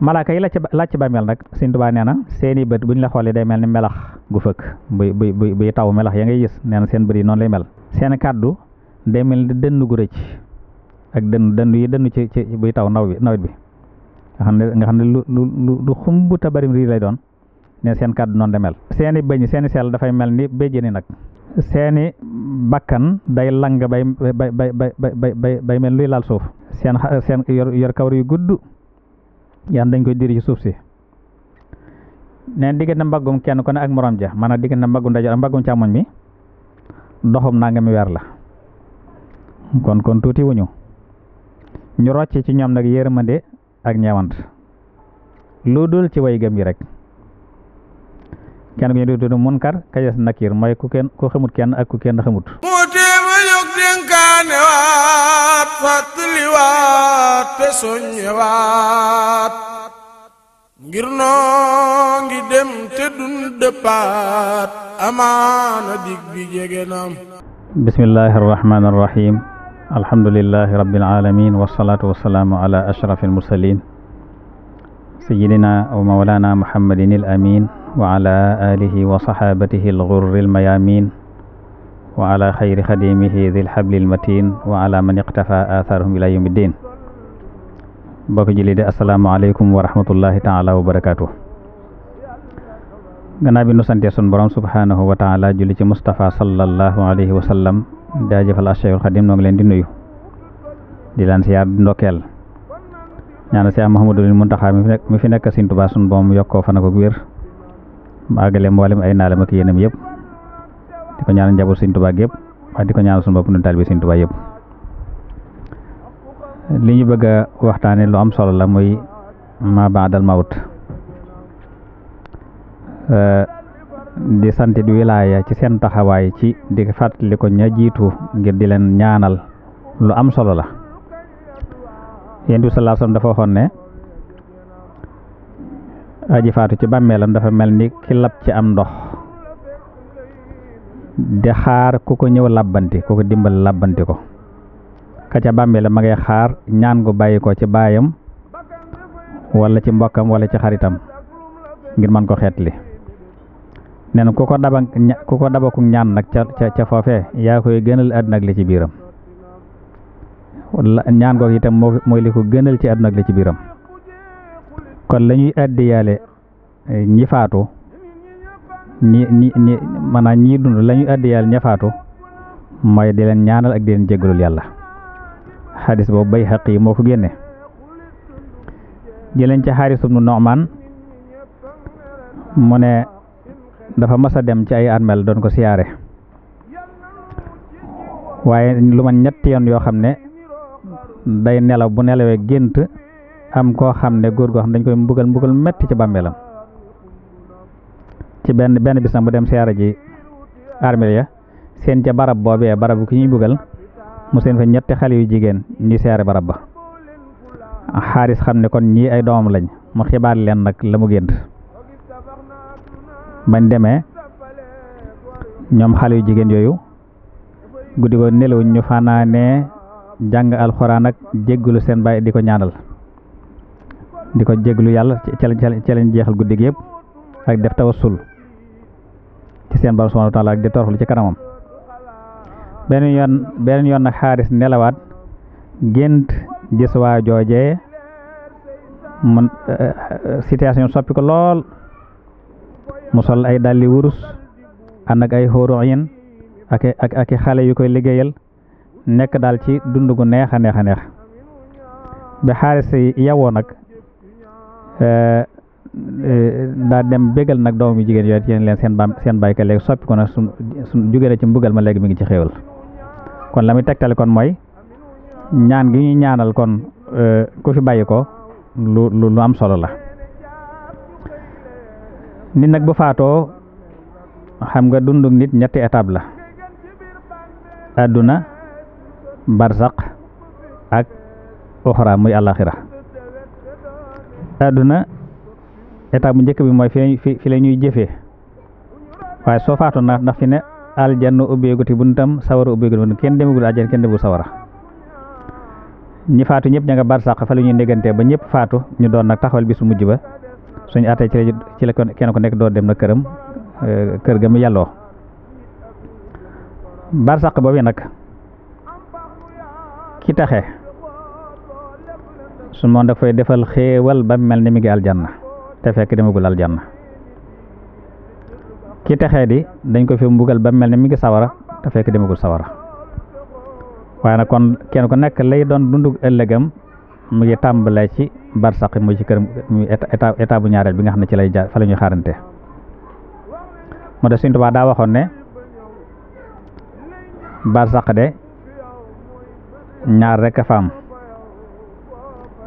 malaaka yi la ci laaj ci bàmmeel nag Sëñ Tuubaa nee na seeni bët bu buñ la xoolee day mel ni melax gu fëkk buy buy buy buy taw melax ya ngay gis nee seen bët yi noonu lay mel seeni kàddu day mel ni dënn gu rëcc ak dënn dënn yi dënn ci ci buy taw naw bi nawet bi xam ne nga xam ne lu lu lu xumb te bari rii lay doon ne seen kàddu noonu mel seeni bëñ seeni seel dafay mel ni béjjëni nag seeni bakkan day lang bay bay bay bay bay bay mel luy laal suuf seen seen yor kawar yu gudd yan dañ koy diri ci suuf si neen diggante mbaggum kenn ku ne ak morom ja maanaam diggante mbaggu ndajoor ak mbaggum càmmoñ mi doxum naa nga mi weer la kon kon tuuti wuñu ñu rocc ci ñoom nag yërmande ak ñeewant lu dul ci way gëm yi rek kenn ku ñu di munkar kajas nakir mooy ku kenn ku xamut kenn ak ku kenn xamut fàttaliwaat te soññewaat ngir noo ngi dem te dun dëppaat amaana dig bi jege naam bismillahi arrahmani arrahim alhamdulilahi rabbil alamin wasalaatu wasalaamu ala ashraf almursalin sayidina wa mawlana muhammadin al amin wa ala alihi wa sahabatihi al ghurri al mayamin wa ala xayri xadimihi dil xablil wa man iqtafa atharahum ila yawmi bokk julli de asalaamaaleykum wa rahmatullahi taala wa barakaatu gannaaw bi nu sante sun borom subhaanahu wa taala julli ci Mustafa sallallahu alayhi wa sallam jaajëfal Cheikhul Xadim noo ngi leen di nuyu di laan siyaar di ndokkeel ñaanal Cheikh Mouhamadul Muntaxa mi fi nekk Sëriñ Tuubaa sun boom yokkoo fana ko wér mu àggale mboolem ay naalam ak yéenam yëpp di ko ñaanal njaboot Sëñ Tuubaa yëpp waaye di ko ñaanal suñu bopp nu taalibe Sëñ Tuubaa li ñu bëgg a waxtaane lu am solo la muy ma baadal mawt di santit wilaaya ci seen taxawaay ci di fàttali ko ña jiitu ngir di leen ñaanal lu am solo la yéen bi sallallahu dafa waxoon aji faatu ci bàmmeelam dafa mel ni ki ci am ndox di xaar ku ko ñëw làbbanti ku ko dimbal làbbanti ko ka ca ma ngay xaar ñaan gu bàyyi ko ci baayam wala ci mbokkam walla ci xaritam ngir mën ko xeetli nee na ku ko daba ku ko dabaku ñaan nag ca ca ca foofee yaa koy gënal àdduna ak li ci biiram ñaan googu itam moo mooy li ko gënal ci àdduna ak li biiram kon la ñuy addiyaale ñi ñi ñi ñi ñii dund lañuy ñuy àddiyaal ñafaatu mooy di leen ñaanal ak di leen jéggalul yàlla xadis boobu bay xaq moo ko génne jëleen ci xaaris ibnu Nu'man mu ne dafa mas a dem ci ay armel doon ko siyaare waaye lu ma ñetti yoon yoo xam ne day nelaw bu nelawee gént am koo xam ne góor goo xam dañ koy mbugal mbugal metti ci bàmmeelam ci benn benn bis bu dem siyaara ji armeel ya seen ca barab boobee barab ki ñuy bugal mu seen fa ñetti xale yu jigéen ñuy siyaare barab ba xaaris xam ne kon ñii ay doomam lañ mu xibaar leen nag la mu gént bañ demee ñoom xale yu jigéen yooyu guddi ko nelaw ñu fanaanee jàng alxuraan ak jégglu seen baay di ko ñaanal di ko jégglu yàlla ci lañ ci lañ jeexal guddi gi ak def tawassul ci seen borom subhanahu wa taala di toroxlu ci kanamam beneen yoon beneen yoon nag xaaris nelawaat gént gis waa joojee mun eh, situation soppi ko lool mu sol ay dàlli wurus ànd ak ay xóoru yin ak ak ak xale yu koy liggéeyal nekk daal ci dund gu neex a neex a neex bi xaaris yawoo nag eh, daa dem bégal nag doomu jigéen yooyu yéen leen seen ba seen bàyyi ka léegi soppi ko nag suñ jugee na ci mbugal ma léegi mi ngi ci xéewal kon la muy tegtale kon mooy ñaan gi ñuy ñaanal kon euh, ku fi bàyyi ko lu lu am solo la nit nag bu faatoo xam nga dunduk nit ñetti étape la àdduna barsaq ak uxra muy àlaxira àdduna étape bu njëkk bi mooy fi fi la ñuy jëfee waaye soo faatu na ndax fi ne aljanna ubbeeguti buntam sawara ubbeeguti buntam kenn demagul aljanna kenn demagul sawara ñi faatu ñëpp ña nga barsàq fa la ñuy ndégantee ba ñëpp faatu ñu doon nag taxawal bi su mujj ba suñu àttee ci la ci la kenn ku nekk doo dem na këram euh, kër ga mu yàlloo barsàq boobu nag ki taxe su moom dafay defal xéewal ba mel ni mi ngi aljanna te fekk demagul aljanna ki texee di dañ ko fi mbugal ba mel ni mi ngi sawara te fekk demagul sawara waaye na kon kenn ku nekk lay doon dundug ëllëgam mu ngi tàmbalee ci barsaq muy ci kër muy état bu ñaareel bi nga xam ne ci lay jaar fa ñuy xaarante moo tax Sëñ Tuubaa daa waxoon ne barsaq de ñaar rekk a faam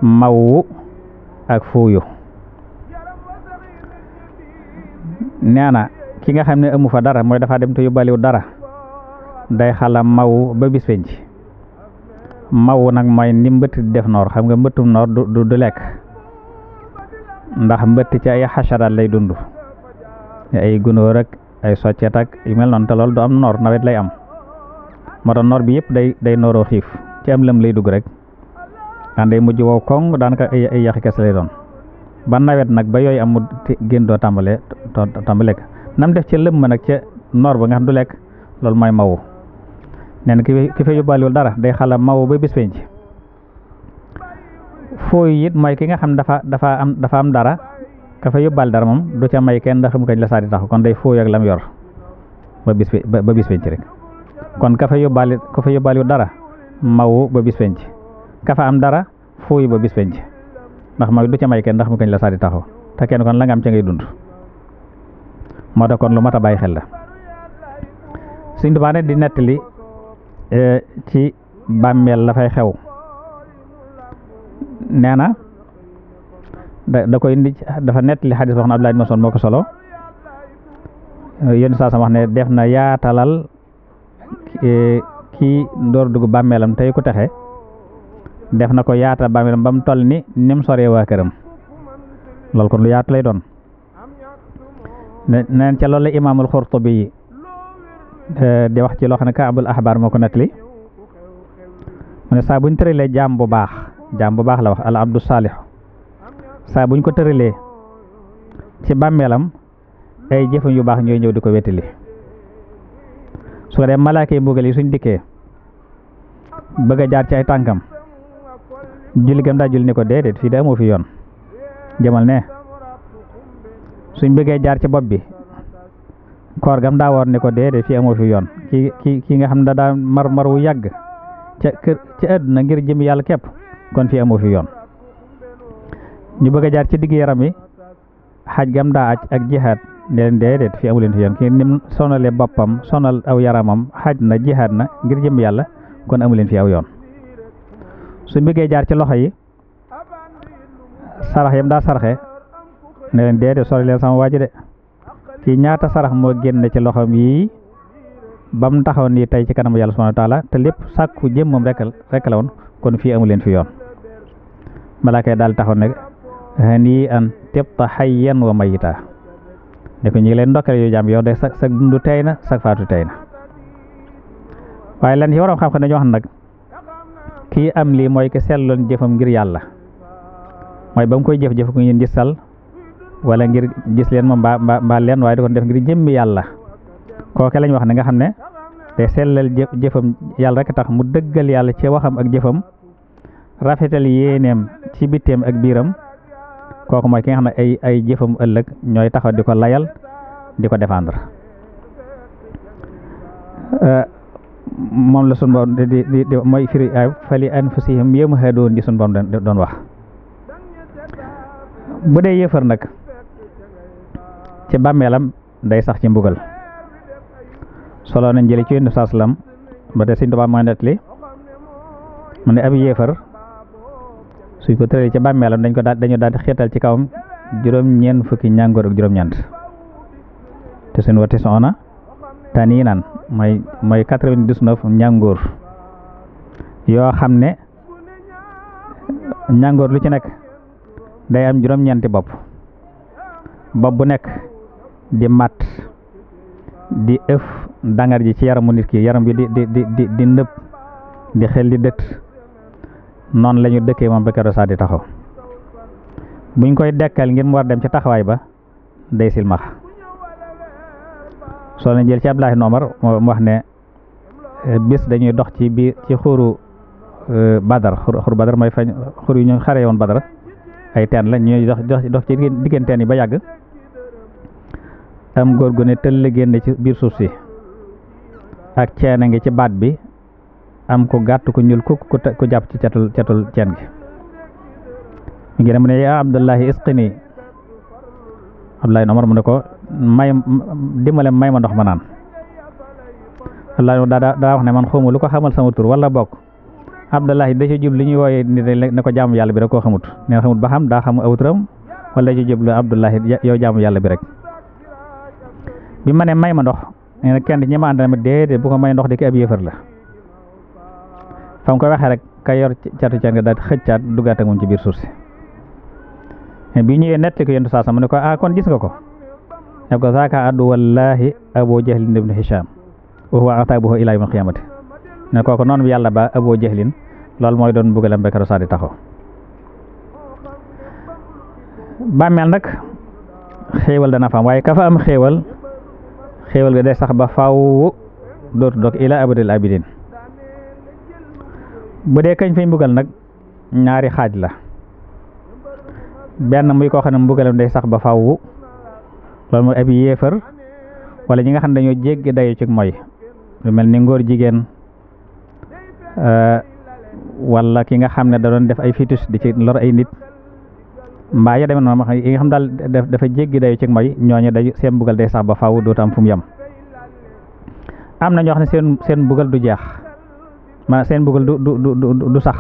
mawwu ak fuuyu nee na ki nga xam ne amu fa dara mooy dafa dem te yóbbaaliwu dara day xala maw ba bis penc maw nag mooy ni mbëtt di def noor xam nga mbëttum noor du du lekk ndax mbëtt ci ay xasaraat lay dund ay gunóor ak ay soccet ak yu mel noonu te loolu du am noor nawet lay am moo tax noor bi yëpp day day nooroo xiif ci am lëm lay dugg rek ànday mujj wow koŋ daanaka ay ay yaxi kese lay doon ban nawet nag ba yooyu amul génn doo tàmbalee tàmbalee lekk nam def ci ca lëmm nag ca noor ba nga xam du lekk loolu mooy mawu nee na ki fa yóbbaaliwul dara day xala mawu ba bis penc fooy it mooy ki nga xam dafa dafa am dafa am dara ka fa yóbbaal dara moom du ca may kenn ndax xam kañ la saa di taxu kon day fooy ak lam yor ba bis ba bis penc rek kon ka fa yóbbaali ka fa yóbbaaliwul dara mawu ba bis penc ka fa am dara fooy ba bis penc ndax ma du ca may kenn ndax mu kañ la saa di taxaw te kenn kon la nga am ca ngay dund moo tax kon lu mat a bàyyi xel la Sëñ ne di nettali e, ci bàmmeel la fay xew nee na da da koy indi dafa nettali xadis boo xam ne Abdullah ibn moo ko solo yéen saa sama wax ne def na yaatalal e, kii door dugg bàmmeelam tey ku texe def na ko yaata bàmmeelam ba mu toll ni ni mu soree waa këram loolu kon lu yaatu lay doon neen ca loolu la imaamul Xurtubi eh, di wax ci loo xam ne Kaabul Ahbaar moo ko nettali mu ne saa buñ tëralee jaam bu baax jaam bu baax la wax al abdu saalix saa buñ ko tëralee ci bàmmeelam ay jëfam yu baax ñooy ñëw di ko wettali su ko dee malaaka yi yi suñ dikkee bëgg a jaar ci ay tànkam julli gam daa julli ni ko déedéet fii de amoo fi yoon jëmal ne suñ bëggee jaar ci bopp bi koor gam daa woor ni ko déedéet fii amoo fi yoon kii kii ki nga xam ne daa mar mar wu yàgg ca kër ca ngir jëm yàlla képp kon fii amoo fi yoon ñu bëgg a jaar ci digg yaram yi xaaj gam daa aj ak jihaad ne leen déedéet fii amu leen fi yoon ki nim sonale boppam sonal aw yaramam xaaj na jihaad na ngir jëm yàlla kon amu leen fi aw yoon suñ bëggee jaar ci loxo yi sarax yam daa saraxe ne leen dee de sori leen sama waaji de kii ñaata sarax moo génn ci loxoom yi ba mu taxaw nii tey ci kanam yàlla subhanahu wa te lépp sàkku jëm moom rek rek la kon fii amu leen fi yoon malaaka yi daal taxaw ne nii an tibta hayyan wa mayita ne ko ñu ngi leen ndokkale yoo jàmm yow de sag sa dundu tey na sa faatu tey na waaye lan ci waroon xam-xam dañoo wax nag kii am lii mooy ki selloon jëfam ngir yàlla mooy ba mu koy jëf jëf ko ngeen gisal wala ngir gis leen moom mbaa mbaa mbaa leen waaye da ko def ngir jëmmi yàlla kooke lañ wax ne nga xam ne te sellal jë jëfam yàlla rek tax mu dëggal yàlla ci waxam ak jëfam rafetal yéeneem ci bitteem ak biiram kooku mooy ki nga xam ne ay ay jëfam ëllëg ñooy taxaw di ko layal di ko défendre. Euh, moom la sunu borom di di di mooy firi ay fali anfusihim yamhadoon ji sunu borom doon wax bu dee yéefar nag ci bàmmeelam day sax ci mbugal solo nañ jëli ci yonent saa salaam ba tey Sëñ Tuubaa moo nettali mu ne ab yéefar suñ ko tëralee ci bàmmeelam dañ ko daal dañu daal di xeetal ci kawam juróom-ñeent fukki ñàngoor ak juróom-ñeent te seen wati soxna taniinan mooy mooy quatre-vingt-dix-neuf ñàngoor yoo xam ne ñàngoor lu ci nekk day am juróom-ñeenti bopp bopp bu nekk di mat di ëf dangar ji ci yaramu nit ki yaram bi di di di di nëb di xel di dët noonu la dëkkee moom ba keroog saa di taxaw buñ koy dekkal ngir mu war dem ci taxawaay ba day silmaxa soo leen jël ci Abdulaahi Noomar mu wax ne eh, bis dañuy dox ci biir ci xuru eh, Badar xuru Badar mooy fañ xur yu ñu xare woon Badar ay teen la ñuy dox dox ci digganteen teen yi ba yàgg am góor gu ne tëll génn ci biir suuf si ak ceen a ngi ci baat bi am ku gàtt ku ñuul ku ku jàpp ci catul catul ceen gi mu ngi mu ne yaa Abdullahi isqini Abdullahi Noomar mu ne ko may dimbale may ma ndox ma naan walla daa daa wax ne man xawma lu ko xamal sama tur wala bokk Abdullahi da ci jub li ñuy wooyee nit ne ko jaamu yàlla bi rek koo xamut neen xamut ba xam daa xam awturam wala da ci jub lu Abdullahi yow jaamu yàlla bi rek bi ma ne may ma ndox nee kenn ñi ma ànd ma déedéet bu ko may ndox di ko ab yéefar la fa mu ko waxee rek ka yor catu caan nga daal xëccaat duggaat ak ci biir suuf si bi ñëwee netti ko yentu ne ko addu wallahi abu jahlin ibnu hisham wa huwa atabuhu ila yawmil qiyamati ne yàlla ba abu loolu mooy doon buggalam ba keroog saa di taxaw bàmmeel nag xéewal dana fa am waaye ka am xéewal xéewal ga day sax ba faw dootu dog ila abadil abidin bu dee kañ fay mbugal nag ñaari xaaj la benn muy koo xam ne mbugalam day sax ba faw loolu mooy ab yéefar wala ñi nga xam ne dañoo jéggi dayu ci mooy lu mel ni ngoor jigéen euh, wala ki nga xam ne da doon def ay fitus di ci lor ay nit mbaa ya demee noonu ma xam yi nga xam daal dafa jéggi dayu ci mooy ñooñu dayu seen mbugal day sax ba faaw dootu tam fu mu yem am na ñoo xam ne seen seen mbugal du jeex maanaam seen mbugal du du du du sax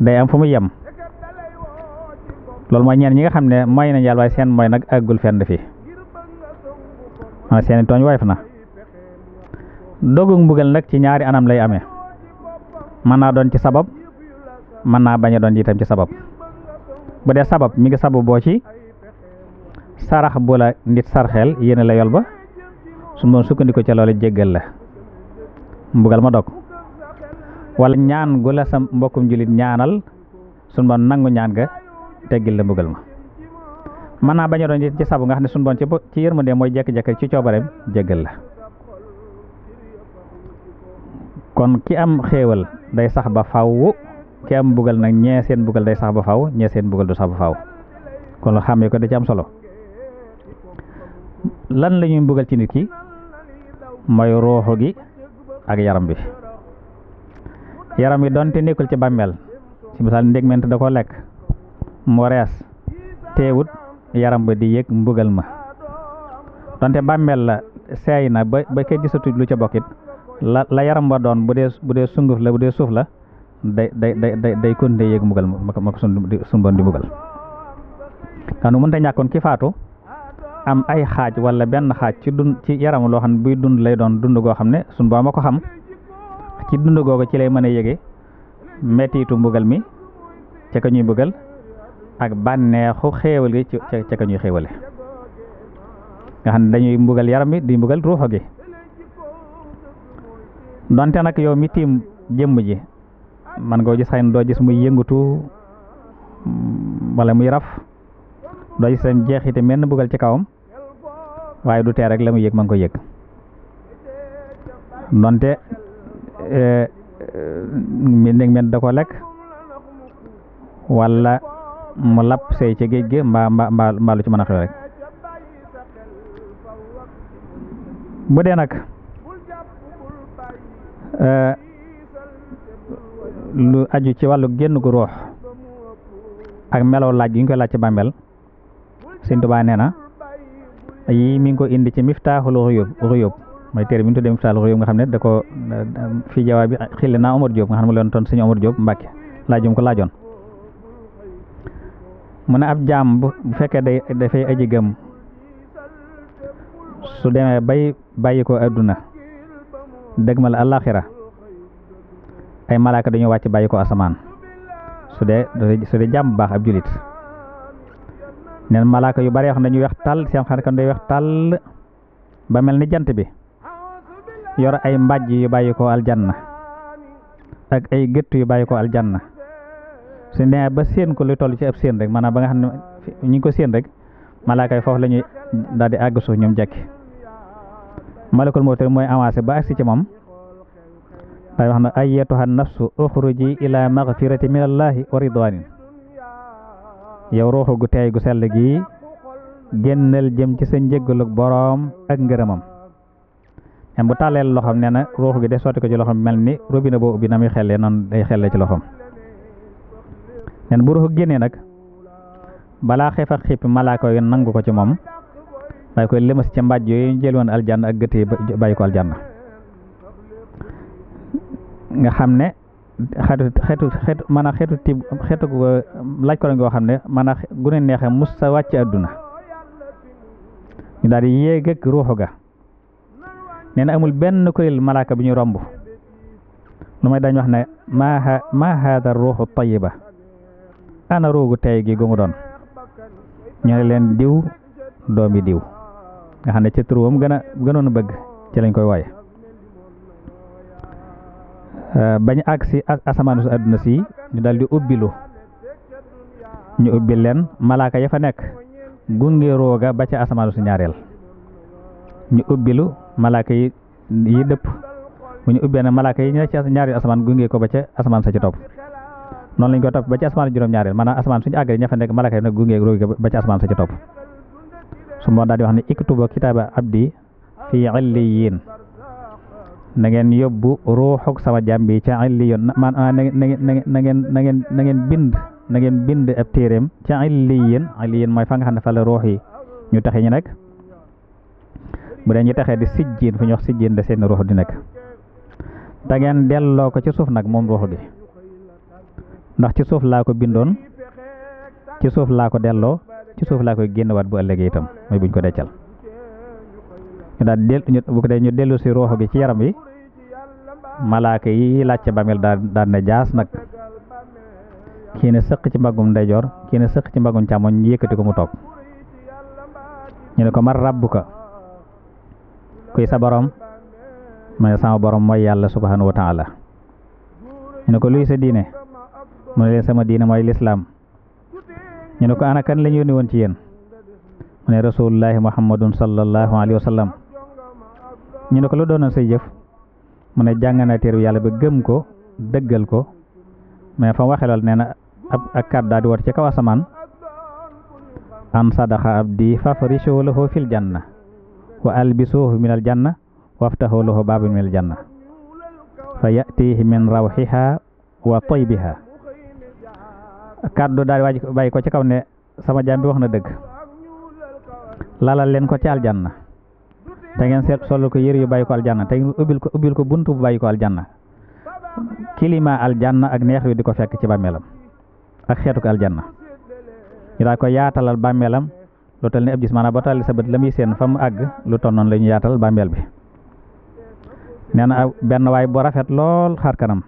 day am fu mu yem loolu mooy ñeen ñi nga xam ne moy na yàlla waaye seen mooy nag àggul fenn fi maanaam seen i tooñ woyof na dogu mbugal nag ci ñaari anam lay ame mën naa doon ci sabab mën naa bañ a doon itam ci sabab bu dee sabab mi ngi sabab boo ci sarax bu la nit sarxeel yéene la yol ba su moom sukkandiku ca loolu jéggal la mbugal ma dog wala ñaan gu la sa mbokkum jullit ñaanal su moom nangu ñaan ga teggil la mbugal ma mën naa bañ a doon ci sabu nga xam ne suñu bon ci ci yërmande mooy jekk-jekk ci coobareem jéggal la kon ki am xéewal day sax ba faw ki am mbugal nag ñee seen mbugal day sax ba faw ñee seen mbugal du sax ba faw kon lu xàmmee ko da ci am solo lan lañuy ñuy mbugal ci nit ki mooy ruuxu gi ak yaram bi yaram bi donte nekkul ci bàmmeel ci misaal ndégment da ko lekk morees teewut yaram ba di yëg mbugal ma donte bàmmeel la seey na ba ba kay gisatu lu ca bokkit la la yaram ba doon bu dee bu dee sunguf la bu dee suuf la day day day day day kon day yëg mbugal ma ko ma ko sun doon di mbugal kanu mënta ñàkkoon ki faatu am ay xaaj wala benn xaaj ci dund ci yaramu loo xam ne buy dund lay doon dund goo xam ne sun boo ma ko xam ci dund googu ci lay mën a yëge mettiitu mbugal mi ca ko mbugal ak bànneexu xéewal gi ca ka ñuy xéewale nga xam ne dañuy mbugal yaram bi di mbugal ruuxo gi donte nag yow mi tiim jëmm ji man nga gis xëy na doo gis muy yëngatu wala muy raf doo gis seen jeexite menn mbugal ci kawam waaye du tee rek la muy yëg ma ngi ko yëg donte mi nekk men da ko lekk wala mu lap sey ci géej gi mbaa mbaa mbaa lu ci mën a rek bu dee nag eh, lu aju ci wàllu génn gu roox ak melaw laaj yi ñu koy laaj ci bàmmeel Sëñ Tuubaa nee na yi mi ngi ko indi ci miftaaxul xuyub xuyub mooy téere bi ñu tuddee miftaaxul xuyub nga xam ne da ko eh, fii jawaab bi xilli naa Omar Diop nga xam ne mu leen ton Sëñ Omar Diop Mbàkke laajum ko laajoon mu ne ab jaam bu fekkee day dafay aji gëm su demee bay bàyyi ko adduna dëgmal àllaaxira ay malaaka dañu wàcc bàyyi ko asamaan su dee su dee jàmm baax ab julit neen malaaka yu bari yoo xam ne weex tàll seen xar day weex tàll ba mel ni jant bi yor ay mbàjj yu bàyyi ko aljanna ak ay gëtt yu bàyyi ko aljanna suñ demee ba séen ko lu toll ci ab séen rek maanaam ba nga xam ne ñu ngi ko séen rek malaaka yi foofu la ñuy daal di àgg suuf ñoom jekki malakul mawt mooy avancé ba agsi ci moom day wax na ayyatuha nafsu uxruji ila magfirati min allahi wa ridwanin yow ruuxu gu teey gu sell gi génnal jëm ci sa njëggalug boroom ak ngërëmam même bu tàlleel loxoom nee na gi de sotti ko ci loxoom mel ni robinet boo ubbi na muy xellee noonu day xellee ci loxoom neen bu ruux génnee nag balaa xef ak xippi malaaka yi nangu ko ci moom bàyyi koy lëmas ca mbàjj yooyu ñu jëloon aljanna ak gëtt yi bàyyi ko aljanna nga xam ne xetu xetu xetu maanaam xetu tiib xetu laaj ko goo xam ne maanaam gu ne neexee mus sa wàcc àdduna ñu daal di yéeg ak ruuxu ga nee na amul benn kuréel malaaka bi ñu romb lu may dañ wax ne maa haa maa haada ruuxu tayiba ana roogu tey gi gu doon ñu ne leen diw doom doomi diw nga xam ne ci turuwam gën gënoon a bëgg ci lañ koy woy euh, bañ àgg si asamaan su àdduna si ñu daldi ubbilu ñu ubbi leen malaaka ya fa nekk gunge rooga ba ca asamaan si ñaareel ñu ubbilu malaaka yi yi dëpp bu ñu ubbee na malaaka yi ñu ne ci ñaari asamaan gunge ko ba ca asamaan sa ci topp noonu lañ ko topp ba ci asamaan juróom-ñaareel maanaam asamaan suñu àggee ña fa nekk malaka yi nag gunge roogi ba ci asamaan sa ci topp su moo daal di wax ne iktuba kitaaba abdi fii illiyin na ngeen yóbbu ruuxuk sama jàmm bi ca illiyin man ah, na ngeen na ngeen na ngeen bind na bind ab ca illiyin illiyin mooy fa nga xam ne fa la ruux yi ñu taxe ñu nekk mu dee ñu taxee di sijjiin fu ñu wax sijjiin de seen ruux di nekk te ngeen delloo ko ci suuf nag moom ruux di ndax ci suuf laa ko bindoon ci suuf laa ko delloo ci suuf laa koy génnewaat bu ëllëgee itam mooy buñ ko deccal ñu daal del bu ñu dellu si rooxo gi ci yaram wi malaaka yi laaj ca bàmmeel daal daal jaas nag kii ne sëq ci mbagum ndeyjoor kii ne sëq ci mbagum càmmoñ ñu ko mu toog ñu ne ko man rabbuka kuy sa borom ma ne sama borom mooy yàlla subhanahu wa taala ñu ne ko luy sa diine mu ne sama diina mooy lislaam ñu ko ana kan la yónni woon ci yéen mu ne rasulullahi muhammadun sallallahu alayhi wa sallam ñu ne ko lu doonoon say jëf mu ne jàng na téeru yàlla ba gëm ko dëggal ko mais fa waxe lool nee na ab ak kat daa di war ci kaw asamaan an sadaxa abdi fafrishu lahu fil janna wa albisuhu minal janna waftahu lahu babun minal janna fa yatihi min rawxiha wa taybiha kàddu daal waaj bàyyi ko ci kaw ne sama jaam bi wax na dëgg lalal leen ko ci aljanna te ngeen seet sol ko yére yu bàyyi ko aljanna te ubbil ko ubbil ko bunt bu bàyyi ko aljanna kilima aljanna ak neex wi di ko fekk ci bàmmeelam ak xeetu ko aljanna ñu daal ko yaatalal bàmmeelam lu tal ni ab gis maanaam ba tàlli sa bët la muy seen fa mu àgg lu toll noonu la ñu yaatal bàmmeel bi nee na benn waay bu rafet lool xar kanam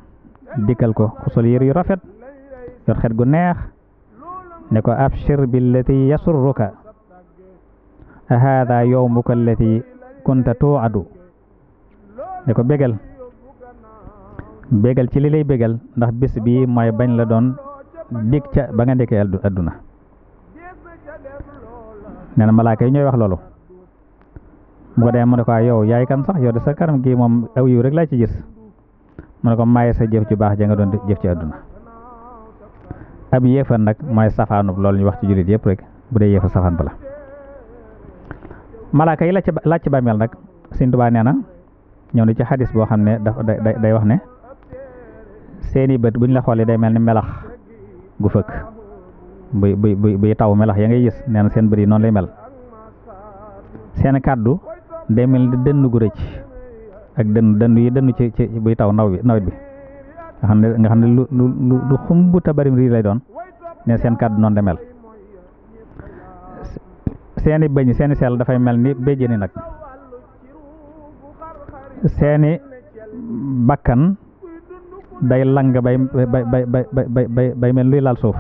dikkal ko ku sol yër yu yor xet gu neex ne ko ab abshir billati yasurruka haada yowmuka allati kunta tuadu ne ko bégal bégal ci li lay bégal ndax bis bii mooy bañ la doon dig ca ba nga ndekkee adduna nee na malaaka yi ñooy wax loolu bu ko dee mu ne ko yow yaay kan sax yow de sa kanam gi moom aw yiw rek laa ci gis mu ne ko maye sa jëf ju baax ja nga doon jëf ci àdduna ab yéefar nag mooy safaanub loolu ñu wax ci jullit yëpp rek bu dee yéefar safaan ba la malaaka yi laaj ci laaj ci bàmmeel nag Sëñ Tuubaa nee na ñëw na ci xadis boo xam ne dafa day day wax ne seeni bët buñ la xoolee day mel ni melax gu fëkk buy buy buy buy taw melax ya ngay gis nee seen bët yi noonu lay mel seeni kàddu day mel ni dënn gu rëcc ak dënn dënn yi dënn ci ci buy taw naw bi nawet bi nga xam ne nga xam ne lu lu lu xumb te bari rii lay doon ne seen kàddu noonu la mel seeni bëñ seeni seel dafay mel ni béjjéni nag seeni bakkan day lang bay bay bay bay bay bay mel luy laal suuf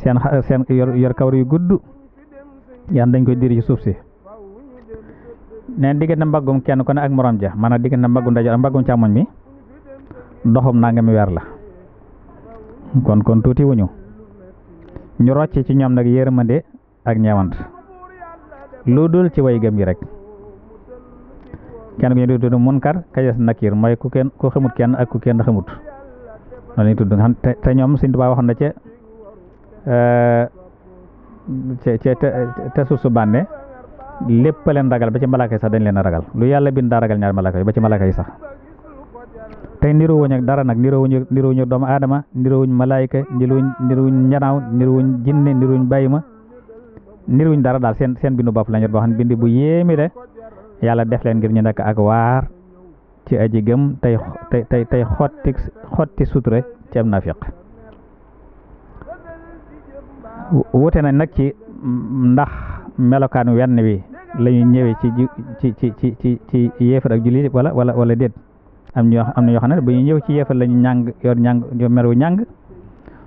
seen seen yor yor kawar yu gudd yaan dañ koy diri ci suuf si neen diggante mbaggum kenn ku ne ak morom ja maanaam diggante mbaggum ndajoor ak mbaggum càmmoñ mi ndoxum doxum mi weer la kon kon tuuti wuñu ñu rocc ci ñoom nag yér yërmande ak ñeewant lu dul ci way gëm yi rek kenn ku ñu di tudd munkar kajas nakir mooy ku kenn ku xamut kenn ak ku kenn xamut noonu lañu tudd nga xam te ñoom Sëñ Tuubaa waxoon na ca euh, ca te suuf su bànne lépp leen ragal ba ci malaaka yi sax dañ leen a ragal lu yàlla bind daa ragal ñaari malaaka yi ba ci malaaka yi sax tey niroowuñ ak dara nag niroowuñ niroowuñ doomu aadama niroowuñ malaayka niroowuñ niroowuñ njanaaw niroowuñ jinne niroowuñ bàyyi ma wuñ dara daal seen seen bindu bopp la boo xam ne bind bu yéemi de yàlla def leen ngir ñu nekk ak waar ci aji gëm tey tey tey tey xotti xotti suture ci am nafiq wute nañ nag ci ndax melokaan wenn wi lañuy ñuy ñëwee ci ci ci ci ci ci yéefar ak jullit wala wala wala déet am ñoo am na yoo xam ne bu ñu ñëw ci yeefal lañu ñàng yor ñàng yor mer wu ñàng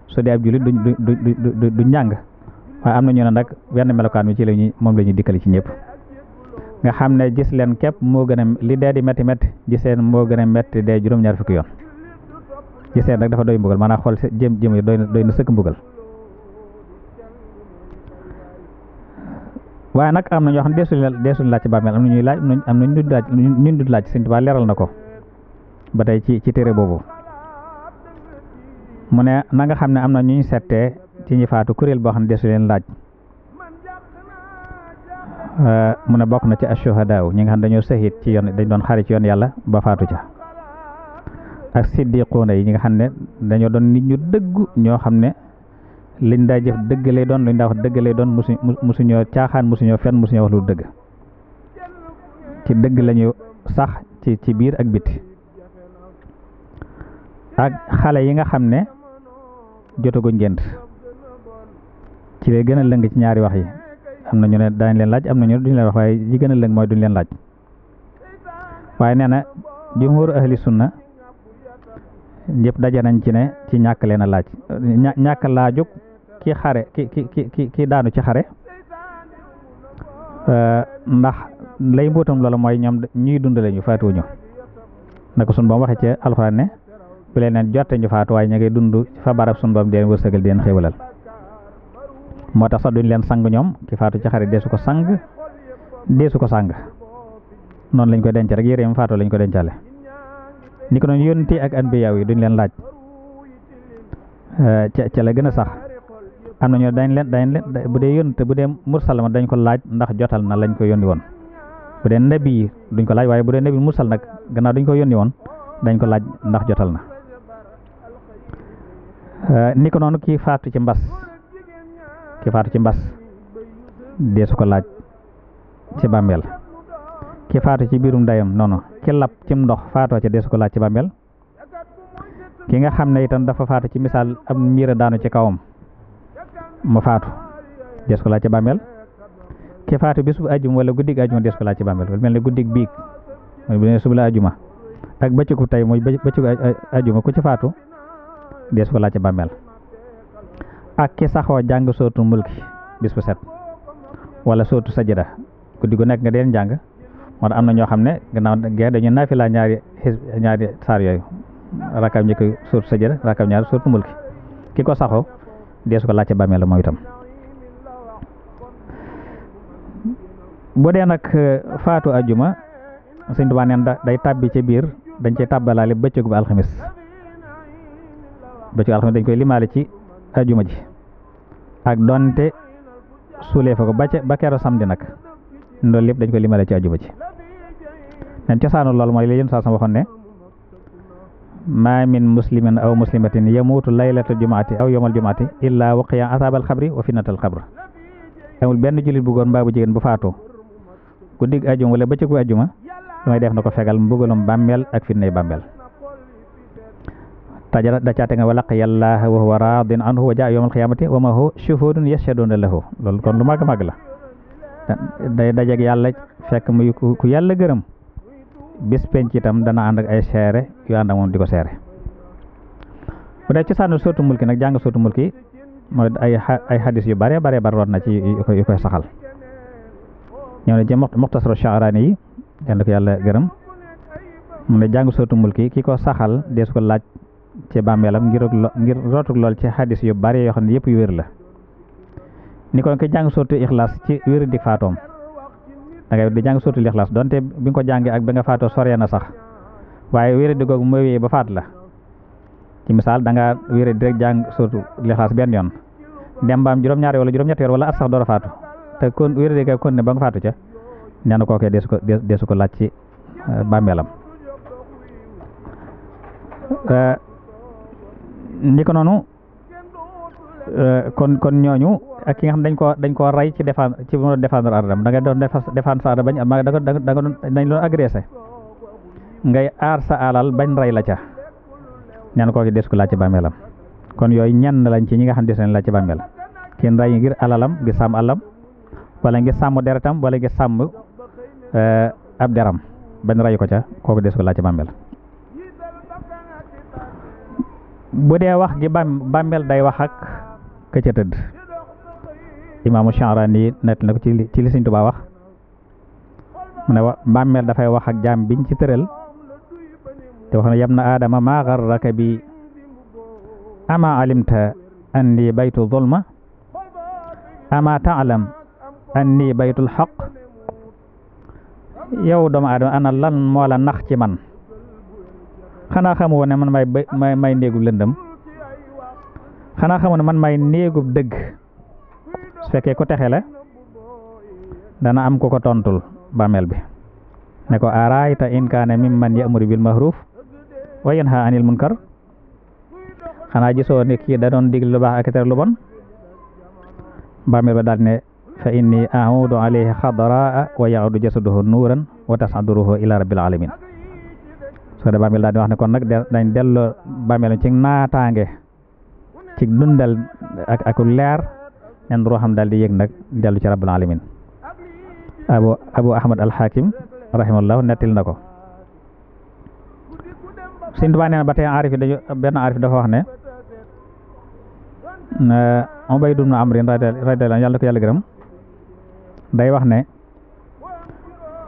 su dee ab jullit du du du am na ñu nag benn melokaan bi ci la ñuy moom la ñuy ci ñëpp xam ne gis leen képp moo gën li dee di métti métti gis leen moo gën a métti juróom-ñaar yoon gis leen nag dafa doy mbugal maanaam xool jëm jëm yi doy na na sëkk mbugal waaye am na ñoo xam ne deesul deesul laaj ci bàmmeel am na ñuy laaj am na ñu laaj ñu laaj Sëñ leeral na ko. ba tey ci ci tere boobu mu ne na nga xam ne am na ñuy seette ci ñi faatu kuréel boo xam ne desu leen laaj euh, mu ne bokk na ci ashuhadaaw ñi nga xam dañoo sahid ci yoon dañ doon xare yoon yàlla ba faatu ca ak siddiquuna yi ñi nga xam ne dañoo doon nit ñu dëggu ñoo xam ne liñ daa jëf dëgg lay doon liñ daa wax dëgg lay doon musu musuñoo caaxaan musuñoo fen musuñoo wax lu dëgg ci dëgg lañu sax ci ci biir ak biti ak xale yi nga xam ne jotaguñ gént ci lay gën a lëng ci ñaari wax yi am na ñu ne daañ leen laaj am na ñu ne duñ leen wax waaye ji gën a lëng mooy duñ leen laaj waaye nee na jumhur ahli na ñëpp daje nañ ci ne ci ñàkk leen a laaj ñàkk laajug ki xare ki ki ki ki daanu ci xare ndax lay mbóotam loolu mooy ñoom ñuy dund lañu faatuwuñu naka sun ba mu ci alxuraan ne ku leneen jotte ñu faatu waaye ñu ngi dund fa barab sunu borom di leen wërsëgal di leen xéwalal moo tax sax duñ leen sang ñoom ki faatu ci xare deesu ko sang deesu ko sang noonu lañ ko denc rek yére mu faatu lañ ko dencale ni ko noonu te ak bi anbiyaaw yi duñ leen laaj eh, ca ca la gën a sax am nañu dañ leen dañ leen bu dee yónni bu dee mursal ma dañ ko laaj ndax jotal na lañ ko yónni woon bu dee nabi duñ ko laaj waaye bu dee nabi mursal nag gannaaw duñ ko yónni woon dañ ko laaj ndax jotal na Eh, ni ko noonu ki faatu ci mbas ki faatu ci mbas deesu ko laaj ci bàmmeel ki faatu ci biirum ndeyam noonu ki lab cim ndox faatoo ci deesu ko laaj ci bàmmeel ki nga xam ne itam dafa faatu ci misaal ab miira daanu ci kawam mu faatu deesu ko laaj ci bàmmeel ki faatu bis bu ajjuma wala guddig ajjuma ko laaj ci bàmmeel wala mel ne guddi biig mooy bu ne suba la ajjuma ak bëccëgu tey mooy bëccëgu ajjuma ku ci faatu dees ko laaj ci bàmmeel ak ki saxoo jàng sootu mulki bis bu sootu sajada guddi gu nekk nga deen jàng moo tax am na ñoo xam ne gannaaw gee dañu naafila ñaari ñaari saar yooyu rakab njëkk sootu sajada rakab ñaari sootu mulki ki ko saxoo dees ko laaj ci bàmmeel mooy itam bu dee nag euh, faatu ajuma Sëñ Tuubaa neen day tàbbi ci biir dañ cey tàbbalaale bëccëgu bi alxamis bëccëgu alxames dañ koy limaale ci ajuma ji ak donte suulee fa ko ba ca sam keroog nag loolu lépp dañ koy limaale ci ajuma ji nen cosaanu loolu mooy li yéen saa sama waxoon ne maa min muslimin aw muslimatin yamuutu laylatal jumaati aw yowmal jumaati illaa waqiya asaabal xabri wa fitnatal xabr amul benn jullit bu góor mbaa bu jigéen bu faatoo guddig ajuma wala bëccëgu ajuma lu may def na ko fegal mbugalum bàmmeel ak fitnay bàmmeel tajara dacaate nga walaq yàllaaha wa huwa raadin anhu wa jaa yawmal qiyaamati wa ma hu shuhudun yashhaduuna lahu loolu kon lu màgg màgg la da dajeeg yàlla fekk muy ku yàlla gërëm bis penc itam dana ànd ay seere yu ànd ak moom di ko seere bu dee ci sànnu sóotu mulki nag jàng sóotu mulki mooy ay ay xadis yu bare bare bare root na ci yu koy yu koy saxal ñëw na ci muxtasaru Sha'raani yi yàlla ko yàlla gërëm mu ne jàng sóotu mulki ki ko saxal dees ci bàmmeelam ngir ngir rootuk lool ci xadis yu bari yoo xam ne yëpp yu wér la ni kon ko jàng surtu ixlaas ci wér di faatoom da di jàng surtu ixlaas donte bi nga ko jàngee ak bi nga faatoo soree na sax waaye wér di googu mooy wéy ba faat la ci misaal da nga wér di rek jàng surtu ixlaas benn yoon dem baam juróom-ñaari wala juróom-ñetti yoon wala at sax doo a te kon wér di kon ne ba nga faatu ca nee na kookee desu ko desu ko laaj ci euh, bàmmeelam euh, ni ko noonu euh, kon kon ñooñu ak ki nga xam dañ koo dañ koo rey ci défendre ci mu doon défendre da da nga doon défendre sa arda bañ ma da nga doon dañ doon agressé ngay aar sa alal bañ ray la ca ñan neen kooki des ko laaj ci bàmmeelam kon yooyu ñenn lañ ci ñi nga xam des nañ laaj ci bàmmeel ki rey ngir alalam ngir sàmm alam wala ngir sàmm deretam wala ngir sàmm euh, ab deram bañ ray ko ca kooku des ko laaj ci bàmmeel bu dee wax gi bam bàmmeel day wax ak ka ca tëdd imaamu Chaaraani na ko ci li ci li Sëñ wax mu ne bàmmeel dafay wax ak jaam biñ ci tëral te wax na yam na aadama maa garraka bi ama alimta anni baytu zulma ama taalam anni baytul xaq yow doomu aadama ana lan moo la nax ci man xanaa xamoo ne man may may may néegub lëndëm xanaa xamoo ne man may néegub dëgg su fekkee ko texe la dana am ko ko tontul bàmmeel bi ne ko araayta in kaane man ya'muru bil ma'ruf wa yanha anil munkar xanaa gisoo ne kii da doon lu baax ak lu bon bàmmeel ba daal ne fa inni a'udu alayhi xadaraa wa ya'udu jasaduhu nuuran wa tasaduruhu ila rabbil alamin soo dee bàmmeel daal di wax ne kon nag dañ delloo bàmmeel ci naataange ci dundal ak ak leer nen roo xam di yëg nag dellu ci rabbul alamin abu abu ahmad alxaakim rahimahullah nettil na ko Sëñ Tuubaa nee na ba tey aarif dañu benn aarif dafa wax ne euh, Ubayd ibn Amr radiyallaahu anhu yàlla ko yàlla gërëm day wax ne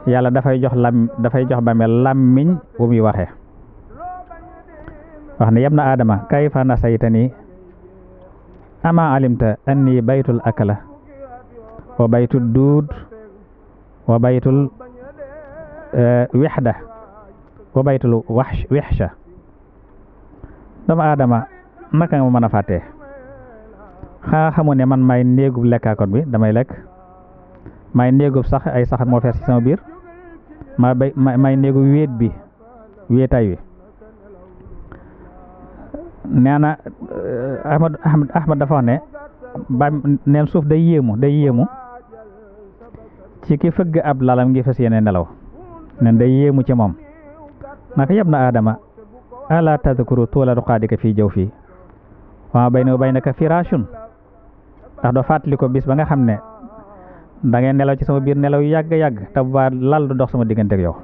yàlla dafay jox lam dafay jox bàmmeel làmmiñ bu muy waxee wax ne yab na aadama kayfa nasaytani ama alimta anni baytul akala wa baytul duud wa baytul eh, wixda wa baytul wax wixsha doomu aadama naka nga mën a fàtte xaa xamu ne man may néegub lekkaakoon bi damay lekk may néegub sax ay sax moo fees ci sama biir ma bay may néegu wéet bi wéetaay wi nee na eh, Ahmad Ahmad dafa wax ne ba neen suuf day yéemu day yéemu ci ki fëgg ab lalam ngi fas yéene nelaw nen day yéemu ci moom naka yab na aadama ala tadkuru tuula ruqaadika fii jaw fii waa bay na bay naka firaashun ndax doo fàttali ko bis ba nga xam ne da ngay nelaw ci sama biir nelaw yu yàgg yàgg te ba lal du dox sama diggante ak yow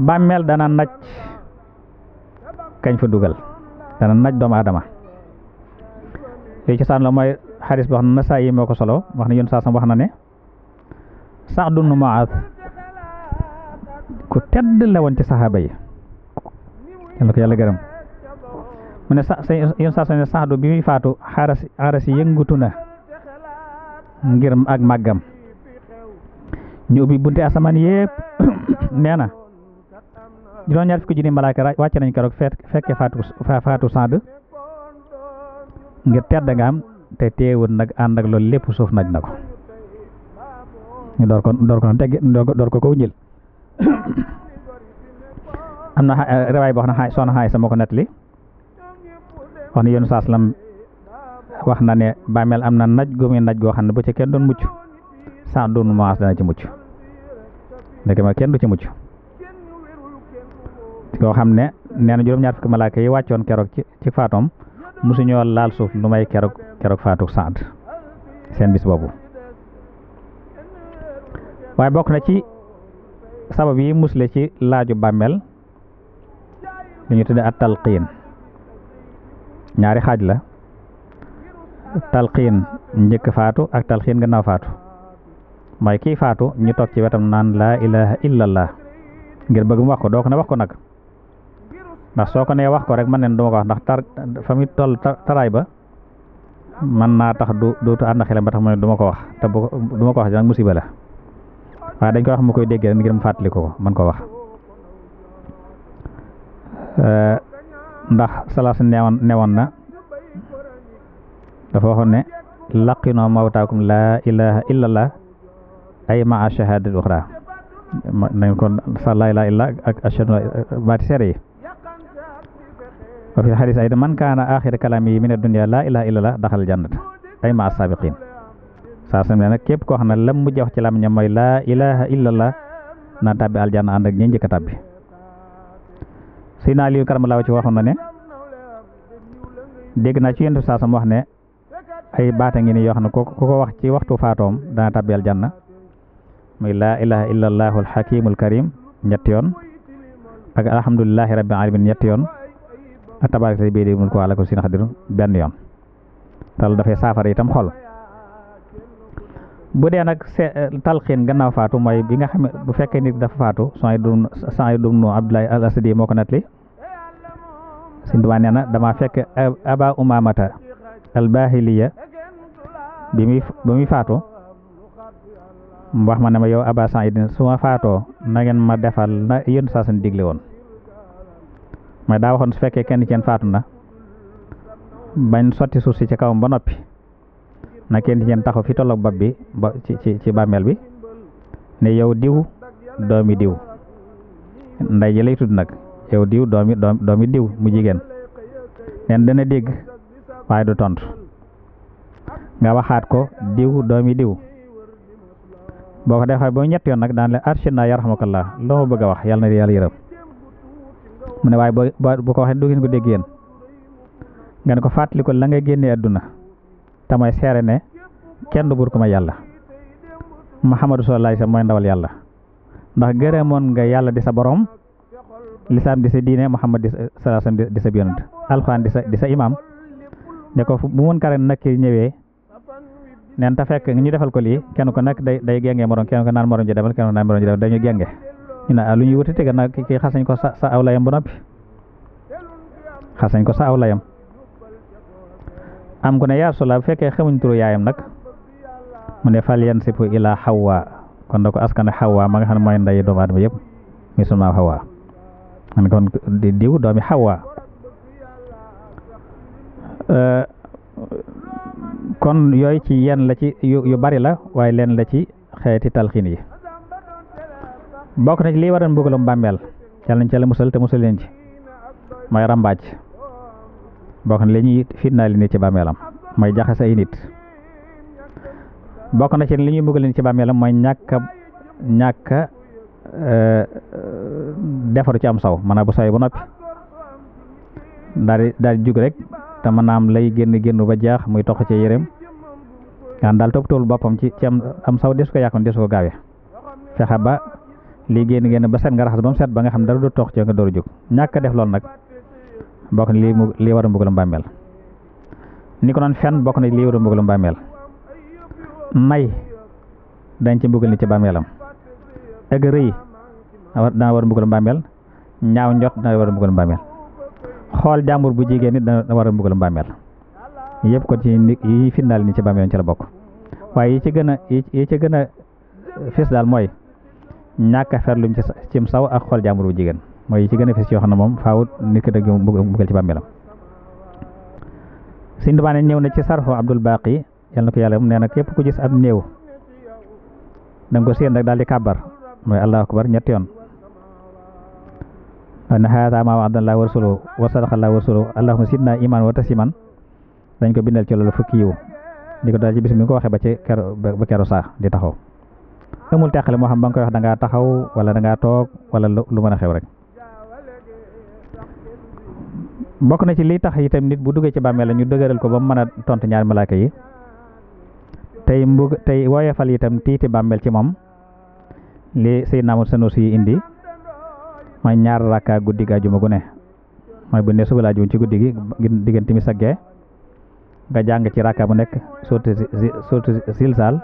bàmmeel dana naj kañ fa dugal dana naj doomu aadama yooyu ci saan la mooy xaris boo xam saa yi moo ko solo wax na yoon saa wax na ne sax dund maas ku tedd la ci saxaaba yi mu ne sa yoon saa ne sax du bi muy faatu xaaras xaaras yëngutu na ngir ak màggam ñu ubbi bunte asamaan yépp nee na juróom ñaar fukki junni malaaka wàcc nañ keroog fekke faatu faatu sand ngir tedd nga am te teewul nag ànd ak loolu lépp soof nañ na ko ñu door ko door ko noonu tegg door ko ko njël am na eh, rewaay boo xam ne soxna xaay sama ko nettali wax ne yoonu saaslam wax na ne bàmmeel am na naj gu muy naj goo xam ne bu ci kenn doon mucc saa doon maas dana ci mucc ndeke ma kenn du ci mucc yoo xam ne nee na juróom-ñaar fukki malaaka yi wàccoon keroog ci ci faatoom mosuñoo laal suuf lu may keroog keroog faatu saad seen bis boobu waaye bokk na ci sabab yi musle ci laaju bàmmeel li ñu tudde at talqiin ñaari xaaj la talxiin njëkk faatu ak talxiin gannaaw faatu mooy kii faatu ñu toog ci wetam naan laa ilaha illallah ngir bëgg mu wax ko doo ko ne wax ko nag ndax soo ko nee wax ko rek man nen duma ko wax ndax tar fa muy toll taraay ba man naa tax du dootu ànd xelam ba tax man duma ko wax te bu duma ko wax nag musiba la waaye dañ ko wax mu koy déggee ngir mu fàttali ko ko man ko wax ndax salaas newoon newoon na dafa waxoon ne laqinoo mawtaakum laa ilaha illallah ay ma shahadat uxra nañ kon sa laa ilaha ak ashhadu baati yi wa fi xadis ay man kaana axira kalaami min addunya laa ilaha illallah daxal jannat ay ma saabiqin saa sam ne nag képp koo xam ne lam mujj wax ci lam ñam laa ilaha illallah na tàbbi aljanna ànd ak ñi njëkk a naa liyu karam laaw ci waxoon na ne dégg naa ci yentu saa sam wax ne ay baata ngi ni yoo xam ne ku ko wax ci waxtu faatoom dana tabbeel janna muy laa ilaha illa allahu alxakimul ñetti yoon ak alhamdulilahi rabbil alamin ñetti yoon ak tabaraka tay bii dimul ko àla ko sin benn yoon tal dafay saafara itam xol bu dee nag se talxiin gannaaw faatu mooy bi nga xam bu fekkee nit dafa faatu sony dum sony dum nu abdoulaye al asadi moo ko nettali suñ dumaa na dama fekk aba umamata albahiliya bi muy bi muy faatu mu wax ma ne ma yow Aba Saïd su ma faatoo na ma defal na yéen saa suñu digle woon daa waxoon su fekkee kenn ci faatu na bañ sotti suuf si ci kawam ba noppi na kenn ci yéen taxaw fi tolloog bab bi ci ci ci bàmmeel bi ne yow diw doomi diw nday ji lay tudd nag yow diw doomi diw mu jigéen neen dana dégg waaye du tontu nga waxaat ko diw doomi diw boo ko defee boo ñett yoon nag daan la arshidna yarhamukallah loo bëgg a wax yàlla na yàlla yërëm mu ne waay boo bu ko waxee du ngeen ko dégg yéen nga ne ko fàttali ko la nga génnee adduna te mooy seere ne kenn du buur ko ma yàlla Muhammadu sallallahu alayhi wasallam mooy ndawal yàlla ndax gërëmoon nga yàlla di sa borom lislaam di sa diine Muhammad di sa sa yonent di sa imaam ne ko bu mën kare nag ki ñëwee neen fekk ñu defal ko lii kenn ko nekk day day genge morom kenn ko naan morom ji demal kenn ko naan morom ji demal dañuy genge ñu ne ah, lu ñuy wuti te gannaaw ki xas nañ ko sa sa aw layam bu noppi xas ko sa aw layam am ku ne yaa Rasulullah bu fekkee xamuñ turu yaayam nag mu ne fal yansibu ilaa xawwaa kon da ko askan Xawwa ma nga xam ne mooy ndeyu doomu aadama yëpp muy sunu maam kon diw doomi Xawwa Euh, kon yooyu ci yenn la ci yu bari la waaye lenn la ci xeeti talxiin yi bokk na ci lii waral mbugalum bàmmeel yàlla nañ ci yàlla musal te musal leen ci mooy ràmbaaj bokk na li ñuy fitnaali nit ci bàmmeelam mooy jaxas ay nit bokk na ci li ñuy mbugal nit ci bàmmeelam mooy ñàkk a ñàkk a euh, defaru ci am saw maanaam bu sawee ba noppi daal daal di jóg rek te ma naam lay génn génn ba jaax muy toq ci yéreem daan daal toolu boppam ci ci am am saw des ko yàqoon des ko gaawee fexe ba lii génn génn ba set nga raxas ba set ba nga xam dara du toq ci nga door a jóg ñàkk def loolu nag bokk na lii mu lii war ni ko noon fen bokk na lii war a mbugalam nay dañ ci mbugal ni ci bàmmeelam ak rëy dana war a mbugalam ñaaw njot dana war a mbugalam xool jàmbur bu jigéen nit dana war a mbugal bàmmeel yépp ko ci yi finnaal ni ci bàmmeel ci la bokk waaye yi ci gën a yi ci gën a fis daal mooy ñàkk a ferluñ ci cim saw ak xool jàmbur bu jigéen mooy yi ci gën a fis yoo xam moom faawut nit ki dëgg mbugal ci bàmmeelam Sëñ Tuubaa ne ñëw na ci sarfo Abdul Baaqi yal na ko yàlla mu nee na yépp ku gis ab néew danga ko séen rek daal di kàbbar mooy allahu akbar ñetti yoon na xaata ma wax dan laa warsuloo wa sadaqa laa warsuloo allahumma sidna iman wa tasiman dañ ko bindal ci loolu fukki yiw di ko daal ci bis mi ko waxee ba ci kero ba kero sax di taxaw amul teqale moo xam ba nga koy wax da taxaw wala da ngaa toog wala lu mën a xew rek bokk na ci liy tax tam nit bu duggee ci bàmmeel la ñu dëgëral ko ba mu mën a tontu ñaari malaaka yi tey mbug tey woyefal itam tiiti bàmmeel ci moom li Seydina mooy ñaar rakka guddi gi ajuma gu ne mooy bu ne suba la ajuma ci guddi gi diggante mi saggee nga jàng ci rakka bu nekk sotti sotti silsal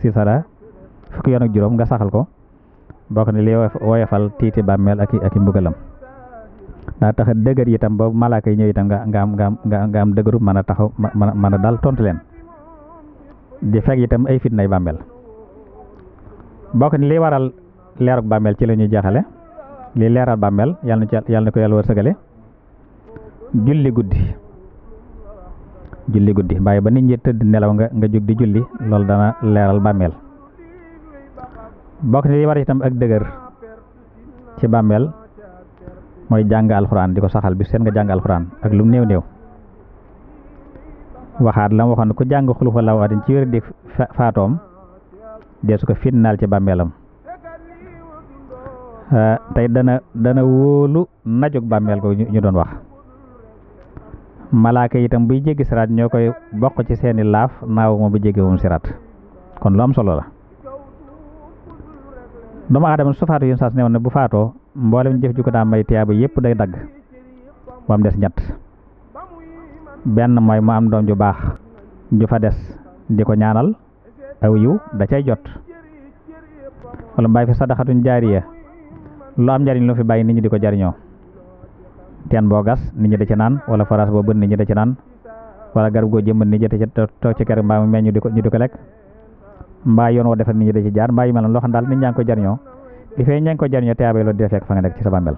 silsala fukki yoon ak juróom nga saxal ko bokk ne li woyofal tiiti bàmmeel ak ak i mbugalam daa tax dëgër tam ba malaaka yi ñëw itam nga nga am nga nga am dëgëru mën a taxaw mën a mën a dal tontu leen di fekk tam ay fitnay bàmmeel bokk ne li waral leeruk bàmmeel ci la ñuy jeexale lii leeral bàmmeel yàlla na ci yàlla na ko yàlla wërsëgale julli guddi julli guddi bàyyi ba nit ñi tëdd nelaw nga nga jóg di julli loolu dana leeral bàmmeel bokk ni war itam ak dëgër ci bàmmeel mooy jàng alxuraan di ko saxal bi seen nga jàng alxuraan ak lum néew néew waxaat la mu waxoon ku jàng xulufa law adin ci wér di faatoom dee su ko fitnaal ci bàmmeelam Euh, tey dana dana wóolu najug bàmmeel ko ñu doon wax malaaka itam buy jéggi siraat ñoo koy bokk ci seeni laaf naaw ma bu jéggi moom siraat kon lu am solo la doomu aadama su faatu yoon saas newoon ne bu faatoo mboolem jëf ju ko daa may tiyaaba yépp day dagg ba mu des ñett benn mooy mu am doom ju baax ju fa des di ko ñaanal aw yiw da cay jot walla mbaay fi sadaxatuñ jaariya lu am njariñ lu fi bàyyi nit ñi di ko jariñoo teen boo gas nit ñi da ci naan wala forage boo bën nit ñi da ci naan wala garab goo jëmbat nit ñi da ci toog ci mu meññ di ko ñu di ko lekk mbaa yoon woo defar nit ñi da ci jaar mbaa yu mel noonu loo xam daal nit ñaa ngi ko jariñoo di fay ñaa ko jariñoo te abay loolu di fekk fa nga nekk ci sa bàmmeel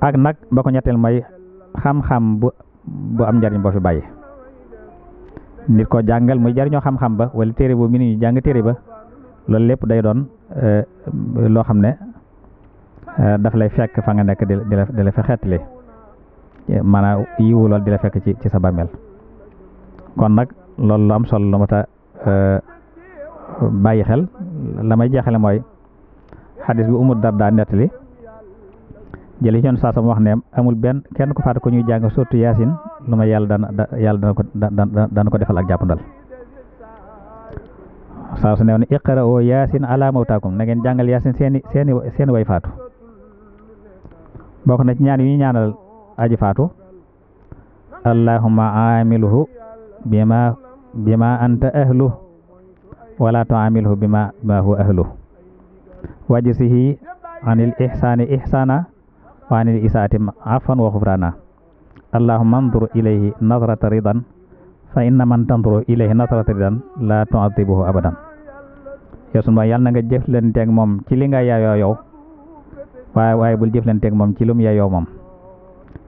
ak nag ba ko ñetteel mooy xam-xam bu am njariñ boo fi bàyyi nit ko jàngal muy jariñoo xam-xam ba wala téere boobu mi ñu jàng téere ba loolu lépp day doon euh, loo xam ne euh, daf lay fekk fa nga nekk di la di la fa xeetli yiwu lool di la fekk ci ci sa bàmmeel kon nag loolu lu am solo lu mat a euh, bàyyi xel la may jeexale mooy xadis bi Umu Darda nettali jëli ñoon saa sama wax ne amul benn kenn ku faat ko ñuy jàng surtout yaasin lu ma yàlla dana yàlla dana ko dana ko defal ak jàppandal saa su ne woon iqra oo yaasin ala mawtaakum na yaasin seeni seeni way faatu bokk na ci ñaan yi ñaanal aji faatu allahumma aamilhu bima bima anta ahlu wala tuamilhu bima bima huwa ahlu wajisihi anil ihsani ihsana wa anil isaati afan wa xufrana allahumma andur ilayhi nadrata ridan fa inna man tanduru ilayhi nasaratidan la tu'adibuhu abadan yow sunu borom yàlla na nga jëflanteeg moom ci li nga yaayoo yow waaye waaye bul jëflanteeg moom ci lum yow moom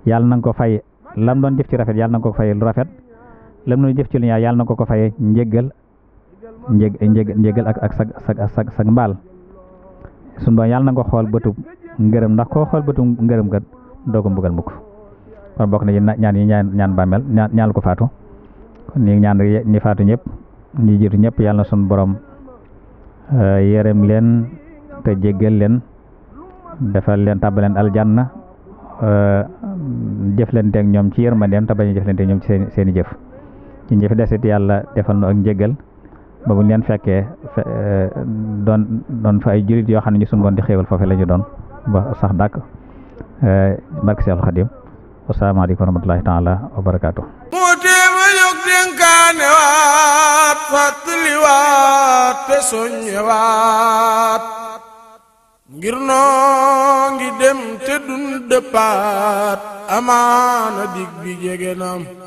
yàlla na nga ko fay lam doon jëf ci rafet yàlla na nga ko fay lu rafet lam doon jëf ci lu ñaaw yàlla na ko ko fay njëggal njëg njëg njëggal ak ak sag sag sag sag mbaal sunu borom yàlla na nga ko xool bëtub ngërëm ndax koo xool bëtub ngërëm kat doo ko mbugal mukk kon bokk na ñaan yi ñaan kon ñu ñaan rek ñi faatu ñëpp ñi jiitu ñëpp yàlla na borom e, yërëm leen te jéggal leen defal leen tàbbaleen aljanna e, jëflanteeg ñoom ci yërmandeem te bañ a jëflanteeg ñoom ci seen seen i jëf ci njëf desit yàlla defal nu ak njéggal ba ñu leen fekkee e, doon doon fa ay jullit yoo xam ne ñu sunu boon di xéewal foofu lañu doon ba sax dàkk barke Seexul Xadim wasalaamaaleykum wa rahmatullahi taala wa barakaatu waxtaane ngir noo dem te dun dëppaat amaana dig bi